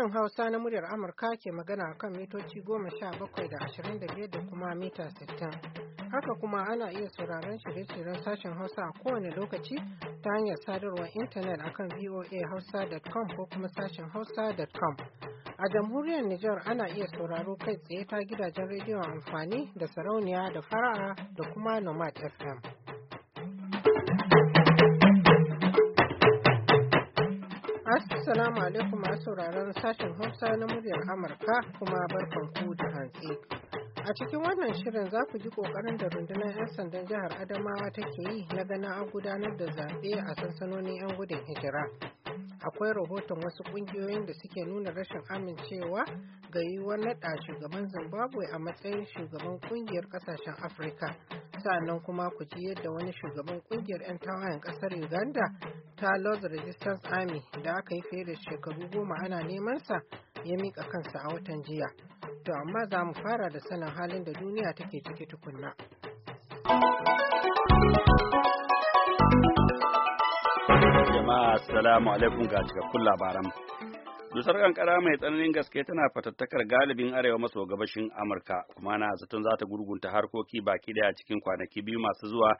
Sashen Hausa na muryar Amurka ke magana kan mitoci goma sha bakwai da ashirin da biyar da kuma mita sittin. Haka kuma ana iya sauraron shirye-shiryen sashen Hausa a kowane lokaci ta hanyar sadarwar intanet akan voahausa.com ko kuma sashen hausa.com. A jamhuriyar Nijar ana iya sauraro kai tsaye ta gidajen rediyon amfani da sarauniya da fara'a da kuma Nomad FM. Assalamu alaikum masu sauraron sashen Hausa na muryar Amurka kuma barkanku da hantsi. A cikin wannan shirin za ku ji kokarin da rundunar 'yan sandan jihar Adamawa take yi na ganin an gudanar da zaɓe a sansanonin 'yan gudun hijira. Akwai rahoton wasu ƙungiyoyin da suke nuna rashin amincewa ga yiwuwar naɗa shugaban Zimbabwe a matsayin shugaban ƙungiyar ƙasashen Afirka sa'annan kuma ku ji yadda wani shugaban kungiyar 'yan tawayen kasar uganda ta lord resistance army da aka yi fiye da shekaru goma ana neman sa ya mika kansa a watan jiya to amma za mu fara da sanin halin da duniya take ciki tukunna jama'a assalamu alaikum ga cikakkun labaran Dusar kankara mai tsananin gaske tana fatattakar galibin arewa maso gabashin Amurka kuma na zaton za ta gurgunta harkoki baki daya cikin kwanaki biyu masu zuwa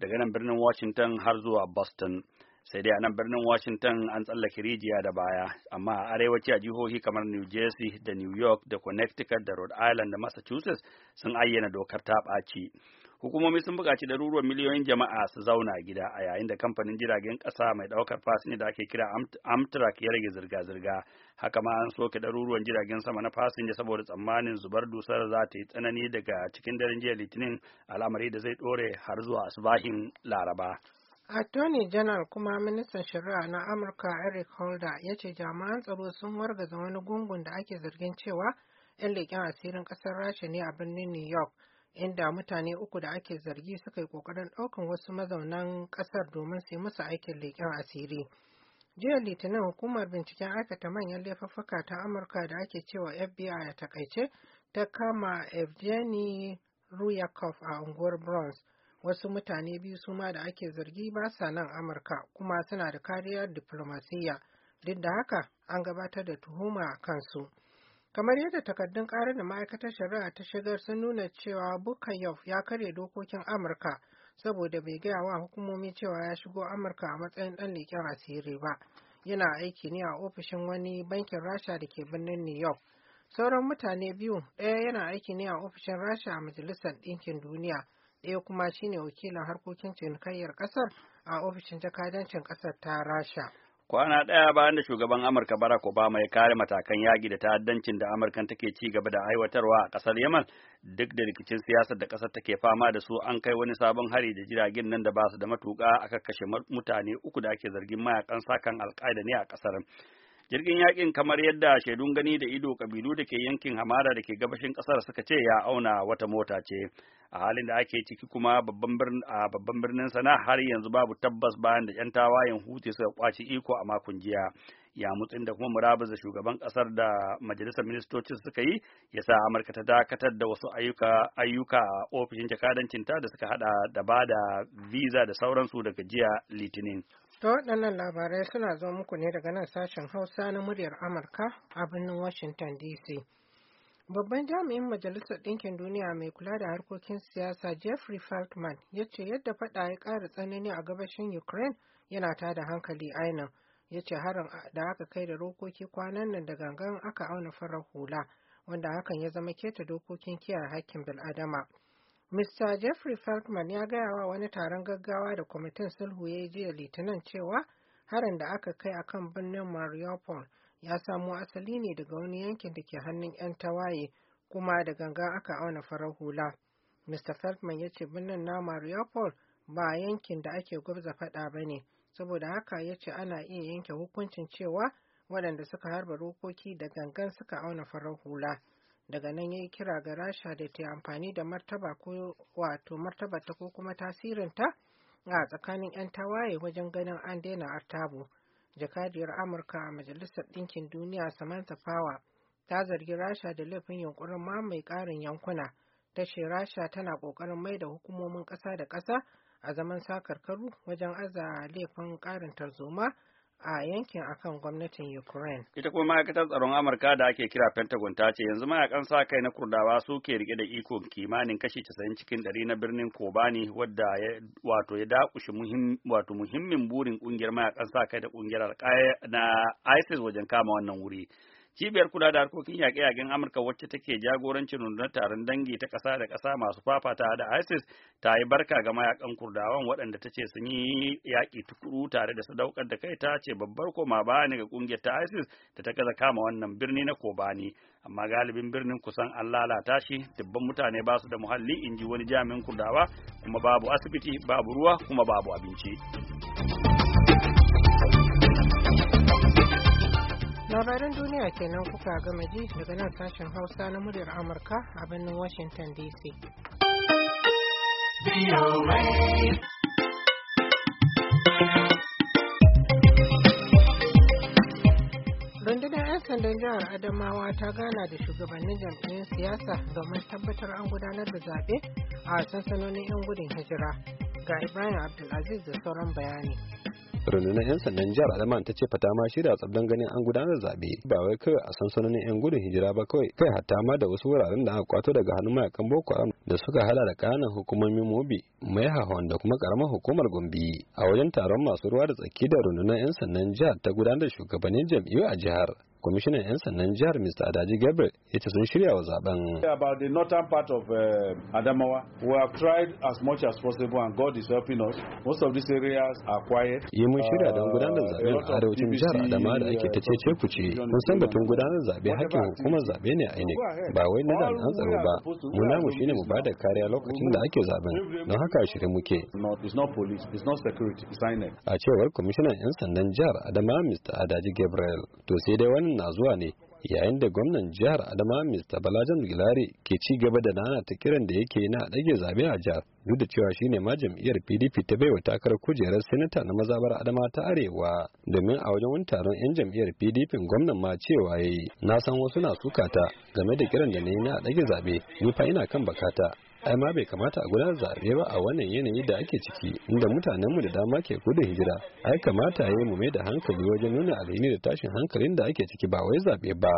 daga nan birnin Washington har zuwa Boston. Sai dai a nan birnin Washington an tsallake rijiya da baya, amma a arewaci a jihohi kamar New Jersey da New York da Connecticut da Rhode Island da Massachusetts sun ayyana dokar ta ɓaci. hukumomi sun buƙaci daruruwan miliyoyin jama'a su zauna gida a yayin da kamfanin jiragen ƙasa mai ɗaukar fasinja da ake kira amtrak ya rage zirga-zirga haka ma an soke daruruwan jiragen sama na fasinja saboda tsammanin zubar dusar za ta yi tsanani daga cikin daren jiya litinin al'amari da zai ɗore har zuwa asubahin laraba attorney general kuma ministan shari'a na amurka eric holder ya ce jami'an tsaro sun wargaza wani gungun da ake zargin cewa 'yan leƙen asirin ƙasar rasha ne a birnin new york inda mutane uku da ake zargi suka yi ƙoƙarin ɗaukan wasu mazaunan ƙasar domin su yi musu aikin leƙen asiri. Jiya Litinin hukumar binciken aikata manyan laifuffuka ta Amurka da ake cewa FBI a takaice ta kama Evgeny Ruyakov a unguwar Bronx. Wasu mutane biyu suma ma da ake zargi ba sa nan Amurka kuma suna da kariyar diflomasiyya. Duk da haka an gabatar da tuhuma a kansu. kamar yadda takardun ƙarar da ma'aikatar shari'a ta shigar sun nuna cewa bukayof ya karya dokokin amurka saboda bai gaya wa hukumomi cewa ya shigo amurka a matsayin ɗan leƙen asiri ba yana aiki ne a ofishin wani bankin rasha da ke birnin new york sauran mutane biyu ɗaya yana aiki ne a ofishin rasha a majalisar ɗinkin duniya ɗaya kuma shine wakilin harkokin cinikayyar ƙasar a ofishin jakadancin ƙasar ta rasha kwana ɗaya bayan da shugaban Amurka Barack Obama ya kare matakan yaƙi da ta'addancin da amurka take ci gaba da aiwatarwa a ƙasar Yemen, duk da rikicin siyasar da ƙasar take fama da su an kai wani sabon hari da jiragen nan da ba su da matuƙa aka kashe mutane uku da ake zargin mayakan sakan alƙaida ne a ƙasar. jirgin yakin kamar yadda shaidun gani da ido kabilu da ke yankin hamada da ke gabashin kasar suka ce ya auna wata mota ce a halin da ake ciki kuma a babban birnin sana har yanzu babu tabbas bayan da yan tawayen hutu suka kwaci iko a makon jiya ya mutsin da kuma murabus da shugaban kasar da majalisar ministocin suka yi ya sa amurka ta dakatar da wasu ayyuka ayyuka a ofishin jakadancinta da suka hada da ba da visa da sauransu daga jiya litinin To waɗannan labarai suna zo muku ne daga nan sashen Hausa na muryar Amurka a birnin Washington DC. Babban jami'in Majalisar Ɗinkin Duniya mai kula da harkokin siyasa Jeffrey Feltman ya ce yadda faɗa ya ƙara tsanani a gabashin Ukraine yana ta da hankali ainihin. Ya ce harin da aka kai da rokoki kwanan nan da gangan aka auna farar hula, wanda hakan ya zama keta dokokin kiyaye hakkin bil'adama. Mr. Jeffrey Feltman ya gaya wa wani taron gaggawa da kwamitin sulhu ya yi jiya litinin cewa harin da aka kai akan birnin Mariupol ya samo asali ne daga wani yankin da ke hannun 'yan tawaye kuma da ganga aka auna farar hula. Mr. Feltman ya ce birnin na Mariupol ba yankin da ake gwabza faɗa ba ne, saboda haka ya ce ana iya yanke hukuncin cewa waɗanda suka harba rokoki da gangan suka auna farar hula. daga nan ya yi kira ga rasha da ta yi amfani da martaba ko wato ta ko kuma tasirinta a tsakanin 'yan tawaye wajen ganin an daina artabo jakadiyar amurka a majalisar ɗinkin duniya samantha power ta zargi rasha da laifin yunkurin mamaye ƙarin yankuna ta ce rasha tana ƙoƙarin mai da hukumomin ƙasa da ƙasa a zaman sakarkaru wajen aza laifin ƙarin tarzoma a yankin akan gwamnatin Ukraine. Ita kuma ma'aikatar tsaron Amurka da ake kira Pentagon ta ce yanzu mayakan sa kai na Kurdawa suke rike da ikon kimanin kashi casa'in cikin 100 na birnin Kobani wadda ya wato ya dakushe wato muhimmin burin kungiyar mayakan sa kai da kungiyar na ISIS wajen kama wannan wuri. Cibiyar kula da harkokin yaƙe-yaƙen Amurka wacce take jagorancin rundunar taron dangi ta ƙasa da ƙasa masu fafata da ISIS ta yi barka ga mayakan Kurdawan waɗanda ta ce sun yi yaƙi tukuru tare da sadaukar da kai ta ce babbar koma ba ne ga ƙungiyar ta ISIS da ta gaza kama wannan birni na Kobani. Amma galibin birnin kusan an lalata shi, dubban mutane ba su da muhalli in ji wani jami'in Kurdawa kuma babu asibiti, babu ruwa, kuma babu abinci. labaran duniya kenan kuka gama ji daga nan sashen hausa na muryar amurka a birnin washington dc rundunar 'yan sandan jihar adamawa ta gana da shugabannin jam'iyyun siyasa domin tabbatar an gudanar da zaɓe a sansanonin 'yan gudun hijira ga ibrahim abdulaziz da sauran bayani rundunar 'yan sandan jihar alaman ta ce fata ma shirya tsabdan ganin an gudanar zaɓe ba wai kawai a sansanonin 'yan gudun hijira ba kawai kai hatta ma da wasu wuraren da aka kwato daga hannun mayakan boko haram da suka hada da kananan hukumomin mobi mai hahon da kuma karamar hukumar gombe a wajen taron masu ruwa da tsaki da rundunar 'yan sandan jihar ta gudanar da shugabannin jam'iyyu a jihar kwamishinan 'yan sannan jihar mr adaji gabriel ya ce sun shirya wa zaben about the northern part of uh, adamawa we have tried as much as possible and god is helping us most of these areas are quiet yi mun shirya don uh, gudanar zabe zaben a arewacin jihar adamawa da ake ta eh, cece kuce mun san batun gudanar zabe hakkin hukumar zabe ne ne ba wai na jami'an tsaro ba mu namu shine mu bada kariya lokacin da ake zaben don haka shirin muke a cewar kwamishinan 'yan sandan jihar adamawa mr adaji gabriel to sai dai wani na zuwa ne yayin da gwamnan jihar adama mr balajan gilari ke ci gaba da nana ta kiran da yake na dage zabe a jihar duk da cewa shine ma jam'iyyar pdp ta baiwa takarar kujerar sinata na mazabar adama ta arewa domin a wajen wani taron 'yan jam'iyyar pdp gwamnan ma cewa ya yi na san wasu na sukata game da kiran da na yi na ɗage zabe ni fa ina kan bakata ai ma bai kamata a gudanar zaɓe ba a wannan yanayi da ake ciki inda mutanenmu da dama ke gudun hijira ai kamata ya yi mu mai da hankali wajen nuna alhini da tashin hankalin da ake ciki ba wai zaɓe ba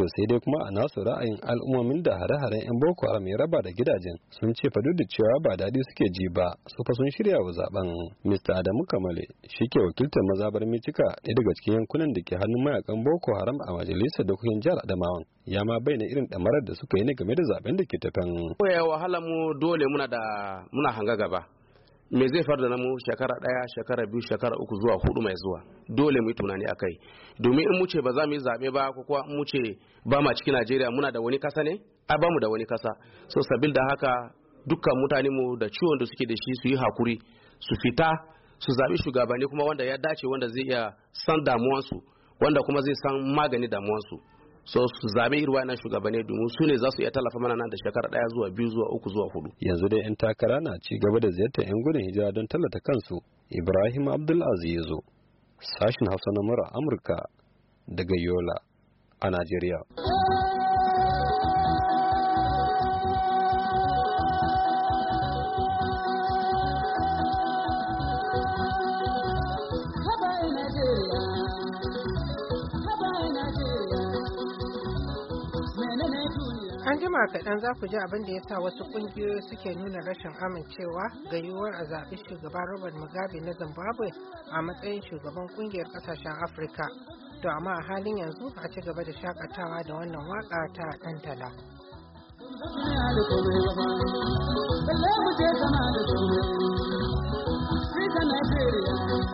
to sai dai kuma a nasu ra'ayin al'ummomin da hare-haren 'yan boko haram ya raba da gidajen sun ce fa duk da cewa ba daɗi suke ji ba su fa sun shirya wa zaben mr adamu kamale shi ke wakiltar mazabar mitika ɗaya daga cikin yankunan da ke hannun mayakan boko haram a majalisar dokokin jihar adamawan ya ma bayyana irin ɗamarar da suka yi ne game da zaben da ke tafan. wahala mu dole muna da muna hanga gaba me zai far da namu shekara ɗaya shekara biyu shekara uku zuwa hudu mai zuwa dole mu yi tunani a kai domin in mu ce ba za mu yi zaɓe ba ko kuwa in mu ce ba ma cikin najeriya muna da wani kasa ne a ba mu da wani kasa so sabil da haka dukkan mutane mu da ciwon da suke da shi su yi hakuri su fita su zaɓi shugabanni kuma wanda ya dace wanda zai iya san damuwansu wanda kuma zai san magani damuwansu so su zame irin wayannan shugabanni domin su ne za su iya tallafa mana nan da shekara daya zuwa biyu zuwa uku zuwa hudu yanzu dai yan takara na ci gaba da ziyartar yan gudun hijira don tallata kansu ibrahim abdulaziz sashin hausa na mura amurka daga yola a najeriya hikima kaɗan za ku ji abin da ya sa wasu ƙungiyoyi suke nuna rashin amincewa ga yiwuwar a zaɓi shugaban Robert Mugabe na Zimbabwe a matsayin shugaban ƙungiyar ƙasashen Afirka. To amma a halin yanzu a ci gaba da shakatawa da wannan waka ta ɗan Thank you.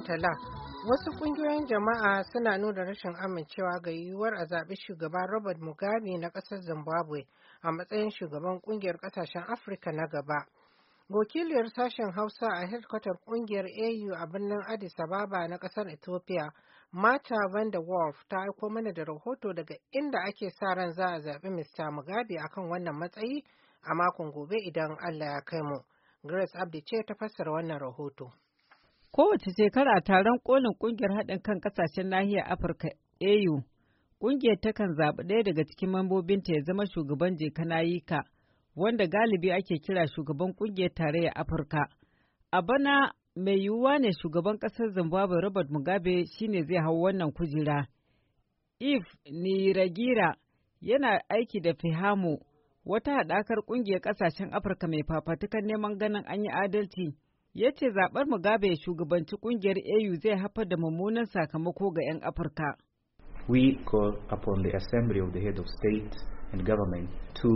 zaben wasu ƙungiyoyin jama'a suna nuna rashin amincewa ga yiwuwar a zaɓi shugaban robert mugabe na ƙasar zimbabwe a matsayin shugaban ƙungiyar ƙasashen afirka na gaba wakiliyar sashen hausa a hedkwatar ƙungiyar au a birnin addis ababa na ƙasar ethiopia mata van der wolf ta aiko mana da rahoto daga inda ake sa ran za a zaɓi mr mugabe akan wannan matsayi a makon gobe idan allah ya kai mu grace abdi ce ta fassara wannan rahoto Kowace shekara taron kolin kungiyar haɗin kan ƙasashen nahiyar Afirka AU, kungiyar takan zaɓi ɗaya daga cikin mambobinta ya zama shugaban nayika wanda galibi ake kira shugaban kungiyar tarayyar Afirka. A bana mai yiwuwa ne shugaban ƙasar Zimbabwe Robert Mugabe shine zai hau wannan kujera. If Niragira yana aiki da Fihamo, wata haɗakar ƙungiyar ƙasashen Afirka mai fafatukan neman ganin an yi adalci. ya ce zaɓar Mugabe shugabanci ƙungiyar AU zai haifar da mummunan sakamako ga 'yan Afirka. We call upon the assembly of the head of state and government to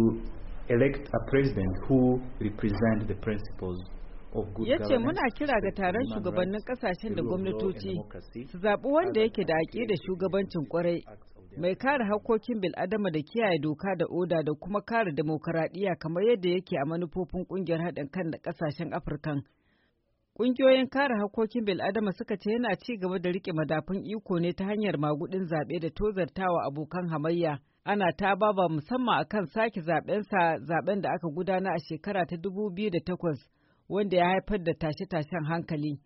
elect a president who represent the principles ya ce muna kira ga taron shugabannin kasashen da gwamnatoci su zaɓi wanda yake da aƙi da shugabancin kwarai mai kare hakkokin bil'adama da kiyaye doka da oda da kuma kare demokaradiyya kamar yadda yake a manufofin ƙungiyar haɗin kan da ƙasashen afirkan Ƙungiyoyin kare harkokin bil'adama suka ce yana ci gaba da rike madafun iko ne ta hanyar magudin zaɓe da tozartawa abokan hamayya. Ana ta baba musamman akan sake zaɓensa zaɓen da aka gudana a shekara ta 2008 wanda ya haifar da tashe-tashen hankali.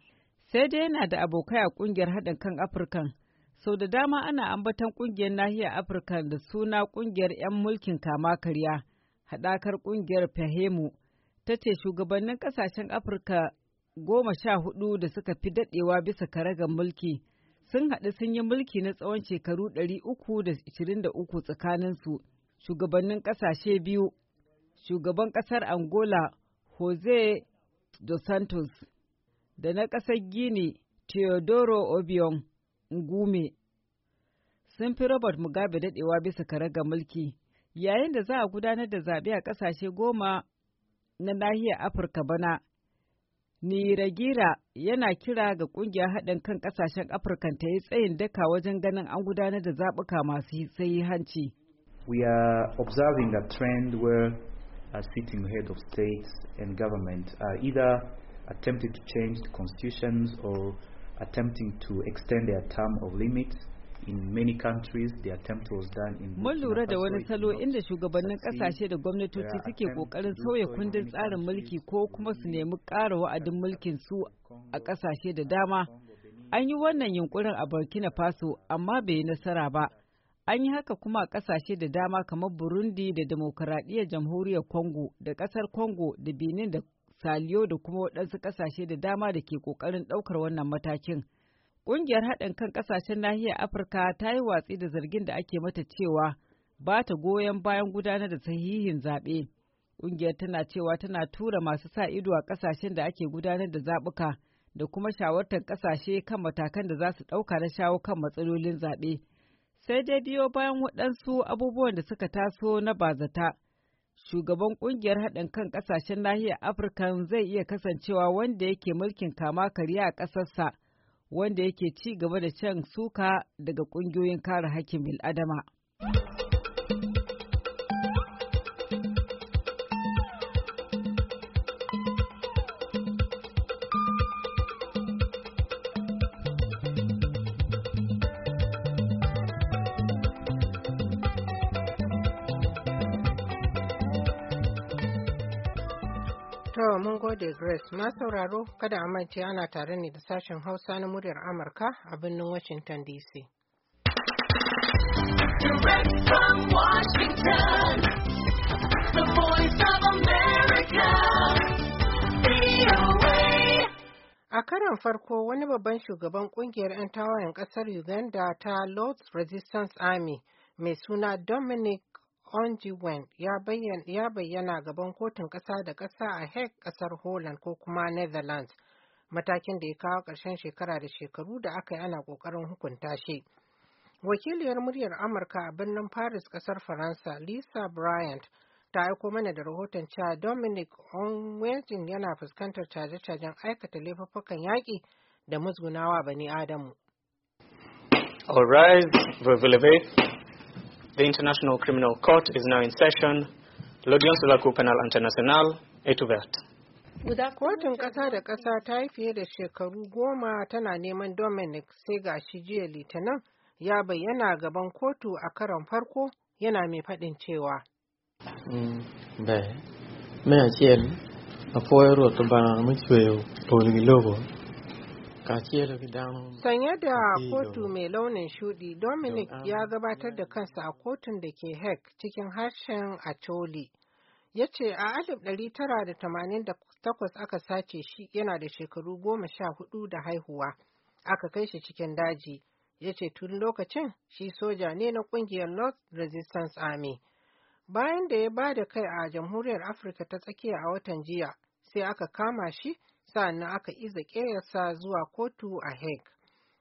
Sai dai yana da abokai a ƙungiyar haɗin kan Afirkan. Sau da dama ana ambaton ƙungiyar nahiyar Afirka da suna ƙungiyar 'yan mulkin kama karya, haɗakar ƙungiyar Fahemu. ta ce shugabannin ƙasashen afirka goma sha hudu da suka fi daɗewa bisa karagar mulki sun haɗu sun yi mulki na tsawon shekaru ɗari uku tsakanin su shugabannin ƙasashe biyu shugaban ƙasar angola jose dos santos da na ƙasar gini teodoro obion ngume sun fi robert mugabe daɗewa bisa karagar mulki yayin da za a gudanar da zaɓe a ƙasashe goma na nahiyar afirka bana Niragira yana kira ga kungiyar haɗin kan ƙasashen Afirka ta yi tsayin daka wajen ganin an gudanar da zaɓuka masu sayi hanci. We are observing a trend where a sitting head of states and government are either attempting to change the constitutions or attempting to extend their term of limits Mun lura da wani salo inda shugabannin kasashe da gwamnatoci suke kokarin sauya kundin tsarin mulki ko kuma su nemi ƙara wa'adin mulkin su a kasashe da dama. An yi wannan yunkurin a Burkina Faso amma bai yi nasara ba. An yi haka kuma a kasashe da dama kamar Burundi da Demokuraɗiyyar Jamhuriyar kongo da ƙasar kongo da Benin da Saliyo da kuma waɗansu kasashe da dama da ke ƙoƙarin ɗaukar wannan matakin. Ƙungiyar haɗin kan ƙasashen nahiyar Afirka ta yi watsi da zargin da ake mata cewa ba ta goyon bayan gudanar da sahihin zaɓe. Ƙungiyar tana cewa tana tura masu sa ido a ƙasashen da ake gudanar da zaɓuka da kuma shawartar ƙasashe kan matakan da za su ɗauka na shawo kan matsalolin zaɓe. Sai dai biyo bayan waɗansu abubuwan da suka taso na bazata. Shugaban ƙungiyar haɗin kan ƙasashen nahiyar Afirka zai iya kasancewa wanda yake mulkin kama karya a ƙasarsa wanda yake ci gaba da can suka daga ƙungiyoyin kare hakkin bil'adama. To mun gode Grace, ma sauraro kada a mance ana tare ne da sashen Hausa na muryar Amurka a birnin Washington DC. A karon farko wani babban shugaban kungiyar 'yan tawayen kasar Uganda ta Lord's Resistance Army mai suna Dominic Onjiwen ya bayyana gaban kotun ƙasa da ƙasa a Hague ƙasar Holland ko kuma Netherlands, matakin da ya kawo ƙarshen shekara da shekaru da aka yi ana ƙoƙarin hukunta shi. Wakiliyar muryar Amurka a birnin Paris ƙasar Faransa, Lisa Bryant, ta aiko mana da rahoton cewa Dominic Onwejin yana fuskantar caje-cajen aikata laifuffukan yaƙi da musgunawa bani Adamu. All The International Criminal Court is now in session. L'audience de la Cour pénale internationale est ouverte. Kotun ƙasa da ƙasa ta yi fiye da shekaru goma tana neman Dominic sai ga shi jiya Litinin ya bayyana gaban kotu a karon farko yana mai faɗin cewa. Bẹ́ẹ̀, mai tí ẹ̀rí, àfọwẹ́rọ̀ tó bá mi tù ẹ̀ ò Lobo, Sanye da kotu mai launin shudi, Dominic ya ah, gabatar da kansa a kotun da ke hek cikin harshen Acholi. Ya ce a 1988 aka sace shi yana da shekaru goma sha hudu da haihuwa. Aka kai shi cikin daji. Ya ce tun lokacin shi soja ne na kungiyar North Resistance Army. Bayan da ya ba da kai a Jamhuriyar Afirka ta tsakiya a watan jiya, sai aka kama shi sa'annan aka iza ƙeyarsa zuwa kotu a hague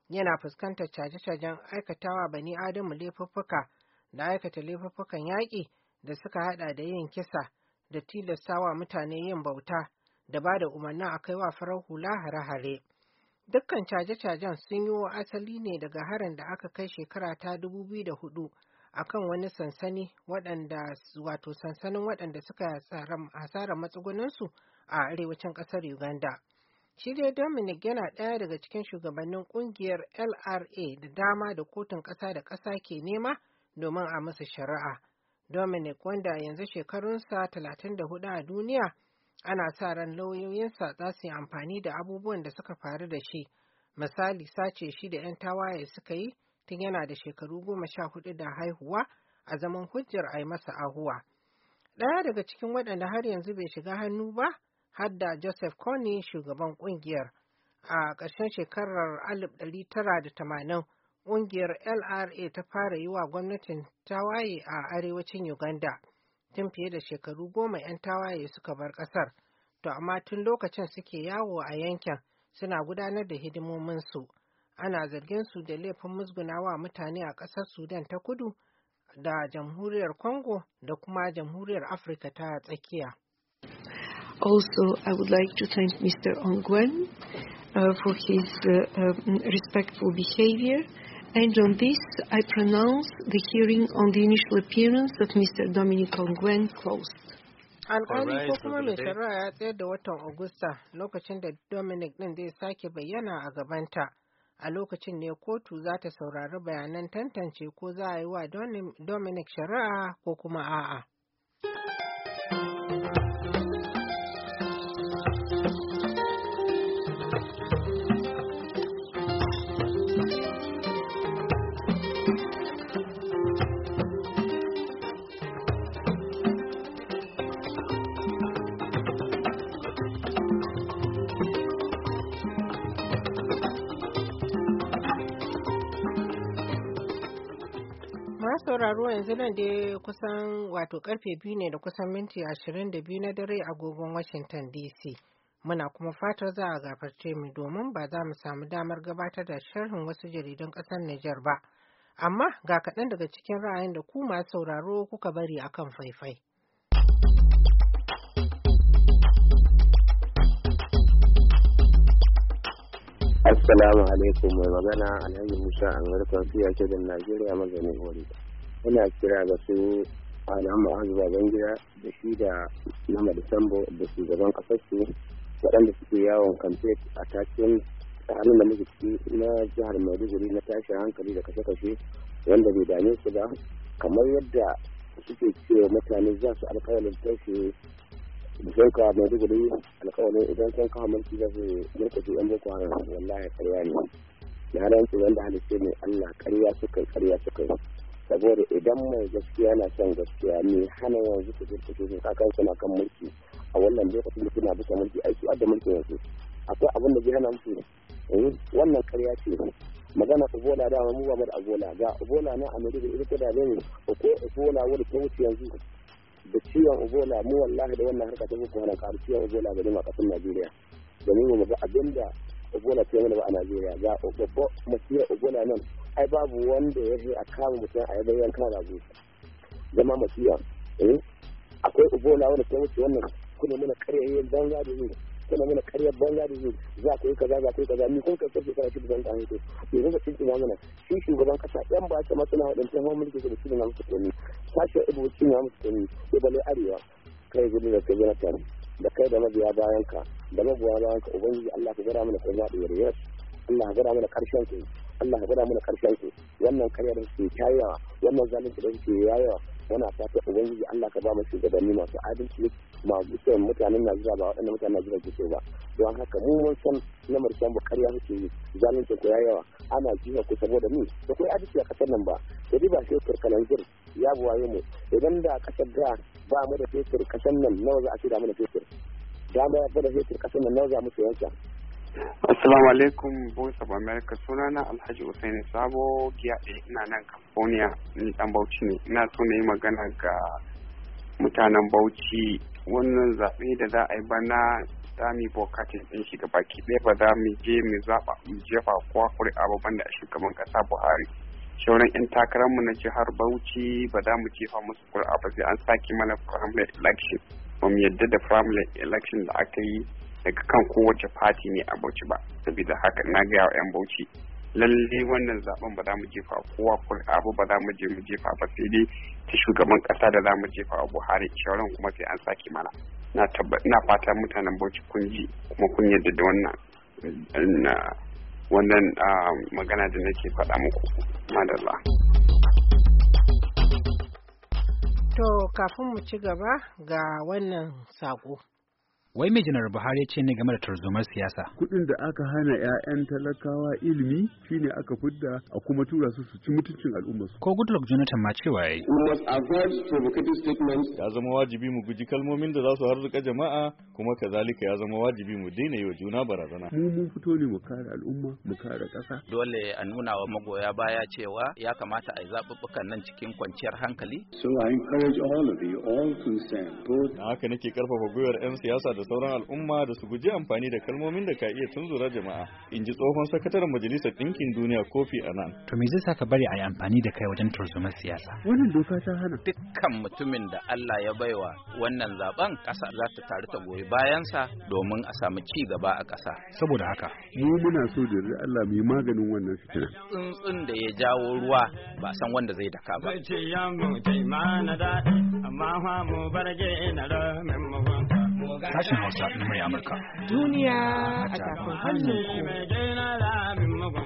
yana fuskantar caje-cajen aikatawa bani adamu laifuffuka da aikata laifuffukan yaƙi da suka haɗa da yin kisa da tilastawa mutane yin bauta da ba da umarnin a kai wa farar hula hare-hare dukkan caje-cajen sun yi asali ne daga harin da aka kai shekara ta 2004 kan wani sansani waɗanda wato sansanin waɗanda suka hasara matsugunansu a arewacin ƙasar Uganda. Shi dai Dominic yana ɗaya daga cikin shugabannin ƙungiyar LRA da dama da kotun ƙasa da ƙasa ke nema domin a masa shari'a. Dominic wanda yanzu shekarunsa 34 a duniya ana sa ran lauyoyinsa za su yi amfani da abubuwan da suka faru da shi. Misali sace shi da 'yan tawaye suka yi tun yana da shekaru goma sha hudu da haihuwa a zaman hujjar a yi masa ahuwa. Ɗaya daga cikin waɗanda har yanzu bai shiga hannu ba hadda Joseph Kony shugaban kungiyar. A ƙarshen shekarar 1980, ƙungiyar LRA ta fara yi wa gwamnatin tawaye a arewacin Uganda. Tun fiye da shekaru goma 'yan tawaye suka bar ƙasar, to amma tun lokacin suke yawo a yankin suna gudanar da hidimominsu. Ana zargin su da laifin musgunawa mutane a ƙasar Sudan ta kudu da jamhuriyar Congo da kuma jamhuriyar Afirka ta tsakiya. Also, I would like to thank Mr. Ongwen uh, for his uh, um, respectful behavior. And on this, I pronounce the hearing on the initial appearance of Mr. Dominic Ongwen closed. alƙali ko shari'a ya tsayar da watan Agusta lokacin da Dominic ɗin zai sake bayyana a gabanta. A lokacin ne kotu za ta saurari bayanan tantance ko za a yi wa Dominic shari'a ko kuma a'a. sauraro yanzu nan da kusan wato karfe biyu ne da kusan minti ashirin da biyu na dare agogon Washington DC. Muna kuma fatar za a gafarce mu domin ba za mu samu damar gabatar da sharhin wasu jaridun kasar Niger ba. Amma ga kaɗan daga cikin ra'ayin da ku masu sauraro kuka bari akan faifai. Assalamu alaikum mai magana Alhaji Musa an garkar fiya ke da Najeriya mazanin wuri muna kira ga su Adamu Azuba Bangira da shi da Muhammadu Sambo da su kasar su waɗanda suke yawon kamfe a takin tsarin da muke ciki na jihar Maiduguri na tashin hankali da kashe-kashe wanda bai dame su ba kamar yadda suke cewa mutane za su alƙawarin tashi da ka Maiduguri alƙawarin idan sun kawo mulki za su murkushe yan boko haram wallahi karya ne na rantsu wanda halitta ne Allah karya suka karya suka saboda idan mai gaskiya na son gaskiya ne hana yanzu ta jirka shi kakan suna kan mulki a wannan lokacin da suna bisa mulki a su adda mulki yanzu akwai abin da jihana musu wannan karya ce magana bola da mu ba da ebola ga ebola na america ita da ne ko ebola wani ta wuce yanzu da ciwon ebola mu wallahi da wannan harka ta boko haram karu ciwon ebola ga jama'a kasar najeriya domin mu ga abin da ebola ta yi mana ba a najeriya ga babbar masiyar ebola nan ai babu wanda ya a kama mutum a yadda yanka rago zama masiya eh? akwai ubola wanda ta wuce wannan kuna mana karyayyen banza da zuwa kuna mana karyar banza da zuwa za ku yi kaza za ku yi kaza ni kun kai ne ka cikin shi shugaban kasa yan ba ta masana wadancan a mulki da cikin namu tsoni sashi ya bale arewa kai da kai Jonathan da kai da mabiya bayanka da bayanka ubangiji Allah ka gara mana kai Allah ka gara mana karshen kai Allah ya gwada mana karfin su wannan karya da yi yawa wannan zalunci da suke yawa muna fata ubangiji Allah ka ba mu shugabanni masu adalci masu son mutanen Najeriya ba waɗannan mutanen Najeriya ke ba don haka mu mun san na san ba karya suke yi zalunci ko yawa ana jiha ku saboda ni da kai adalci a kasar nan ba da ba sai turkalan jir ya buwaye mu idan da kasar da ba mu da fetur kasar nan nawa za a ce da mu da fetur dama ya da fetur kasar nan nawa za mu wancan. Assalamu alaikum Voice of America sunana Alhaji Usaini Sabo Giyaɗe ina nan California ni dan Bauchi ne ina so na yi magana ga mutanen Bauchi wannan zaɓe da za a yi bana za mu bokatin ɗin shi ga baki ɗaya ba za mu je mu zaɓa mu jefa kowa kuri'a ba banda a shugaban ƙasa Buhari shauran 'yan takararmu na jihar Bauchi ba za mu jefa musu kuri'a ba sai an sake mana primary election ba mu yadda da primary election da aka yi daga kan kowace fati ne a bauchi ba saboda haka na gaya wa 'yan bauchi lalle wannan zaben ba za mu jefa kowa abu ba za mu je mu jefa ba sai dai ta shugaban kasa da za mu jefa a buhari shauran kuma sai an sake mana na fata mutanen bauchi kun ji kuma kun yadda da wannan wannan ah, magana da nake faɗa muku madalla to kafin mu ci gaba ga wannan sako Wai mai janar Buhari ce ne game da tarzomar siyasa. Kuɗin da aka hana 'ya'yan talakawa ilimi shine aka fidda a kuma tura su su ci mutuncin al'ummar Ko Goodluck Jonathan ma cewa yayi. Ya zama wajibi mu guji kalmomin da za su harzuka jama'a kuma kazalika ya zama wajibi mu daina yi wa juna barazana. Mu mun fito ne mu kare al'umma mu kare ƙasa. Dole a nuna wa magoya baya cewa ya kamata a yi zaɓuɓɓukan nan cikin kwanciyar hankali. So I encourage all of you all to stand. Na haka nake karfafa gwiwar 'yan siyasa da sauran al'umma da su guji amfani da kalmomin da ka iya tunzura jama'a in ji tsohon sakataren majalisar ɗinkin duniya kofi nan. to me zai sa ka bari a yi amfani da kai wajen turzumar siyasa wannan doka ta hana dukkan mutumin da Allah ya baiwa wannan zaben ƙasa za ta taru ta goyi bayansa domin a samu ci gaba a ƙasa saboda haka mu muna so da Allah mai maganin wannan fitina tsuntsun da ya jawo ruwa ba san wanda zai daka ba zai ce yango na da amma mu barge na da mu sashen Hausa na murya Amurka. Duniya a hannun ku.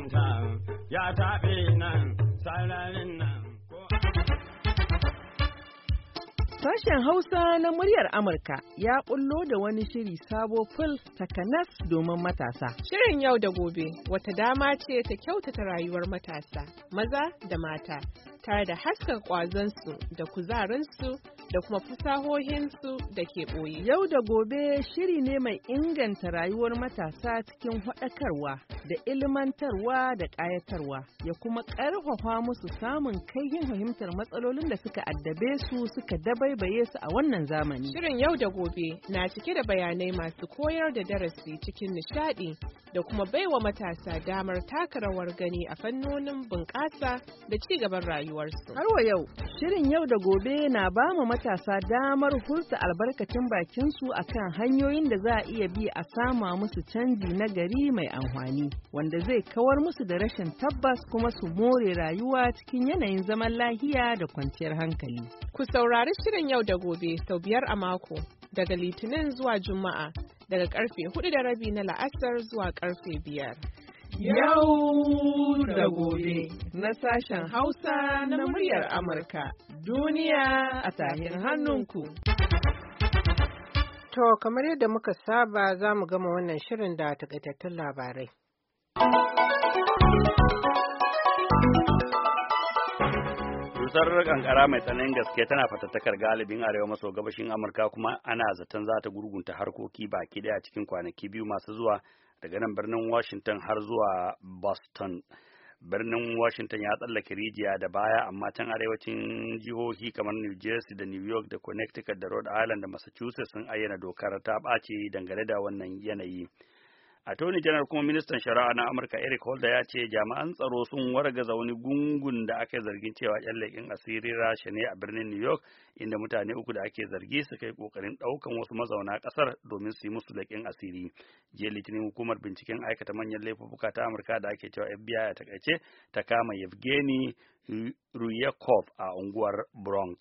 Sashen Hausa na muryar Amurka ya ƙullo da wani shiri sabo fil takanas domin matasa. Shirin yau da gobe wata dama ce ta kyautata rayuwar matasa, maza da mata. tare da haskar kwazonsu da kuzarinsu da kuma fasahohinsu da ke ɓoye. Yau da gobe shiri ne mai inganta rayuwar matasa cikin haɗakarwa da ilmantarwa da ƙayatarwa ya kuma ƙarfafa musu samun kai yin fahimtar matsalolin da suka addabe su suka dabaibaye su a wannan zamani. Shirin yau da gobe na cike da bayanai masu koyar da darasi cikin nishaɗi da kuma baiwa matasa damar taka rawar gani a fannonin bunƙasa da ci gaban rayuwa. rayuwarsu. Har wa yau, shirin yau da gobe na ba mu matasa damar hulsa albarkacin bakinsu a kan hanyoyin da za a iya bi a sama musu canji na gari mai amfani, wanda zai kawar musu da rashin tabbas kuma su more rayuwa cikin yanayin zaman lahiya da kwanciyar hankali. Ku saurari shirin yau da gobe sau biyar a mako, daga Litinin zuwa Juma'a, daga karfe hudu da rabi na la'asar zuwa karfe biyar. Yau da gobe na sashen Hausa na muryar Amurka duniya a tahin hannunku. To, kamar yadda muka saba za mu gama wannan shirin da takaitattun labarai. cutar kankara mai tsananin gaske tana fatattakar galibin arewa maso gabashin amurka kuma ana zaton za ta gurgunta harkoki baki daya cikin kwanaki biyu masu zuwa daga nan birnin Washington har zuwa Boston. Birnin Washington ya tsallake rijiya da baya amma can arewacin jihohi kamar New Jersey da New York da Connecticut da Rhode Island da Massachusetts sun ayyana dokar ta ɓace dangane da wannan yanayi. Attorney General kuma ministan shari'a na Amurka Eric Holder ya ce jami'an tsaro sun wargaza wani gungun da ake zargin cewa yan leƙin asiri rasha ne a birnin New York inda mutane uku da ake zargi suka yi ƙoƙarin ɗaukan wasu mazauna ƙasar domin su yi musu laƙin asiri. Jiya Litinin hukumar binciken aikata manyan laifuka ta Amurka da ake cewa FBI a takaice ta kama Yevgeny Ruyakov a unguwar Bronx.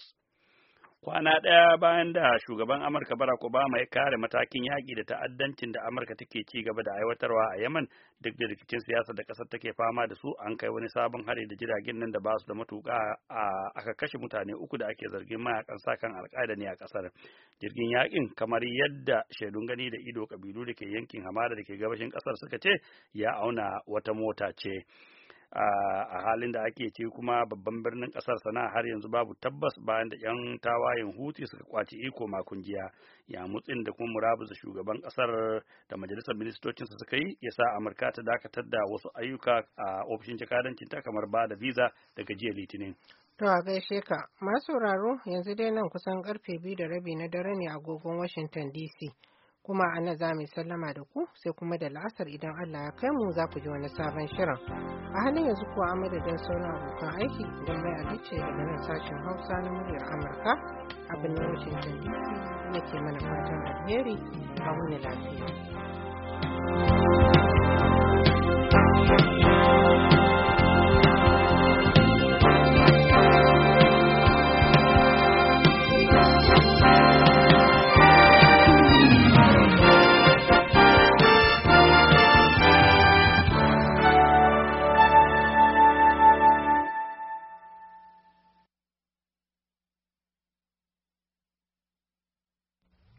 kwana ɗaya bayan da shugaban amurka barack obama ya kare matakin yaƙi da ta'addancin da amurka take ci gaba da aiwatarwa a yaman duk da rikicin siyasa da kasar take fama da su an kai wani sabon hari da jiragen nan da basu su da matuƙa aka kashe mutane uku da ake zargin mayakan sa kan alƙaida ne a ƙasar jirgin yaƙin kamar yadda shaidun gani da ido kabilu da ke yankin hamada da ke gabashin ƙasar suka ce ya auna wata mota ce a halin da ake ce kuma babban birnin kasar sana har yanzu babu tabbas bayan da 'yan tawayen huti suka kwaci iko makon jiya ya mutsin da kuma murabuza shugaban kasar da majalisar ministocin su suka yi ya sa amurka ta dakatar da wasu ayyuka a ofishin jakadancin ta kamar ba da visa daga jiya litinin To a gaishe ka, masu sauraro yanzu dai nan kusan karfe biyu da rabi na dare ne a agogon Washington DC. kuma a nan za mu sallama da ku sai kuma da la'asar idan Allah ya kai mu za ku ji wani sabon shirin a halin yanzu kuwa a madadin sauran abokan aiki don mai alice da nan sashen hausa na muryar amurka a birnin washington dc ke mana fatan alheri a wani lafiya.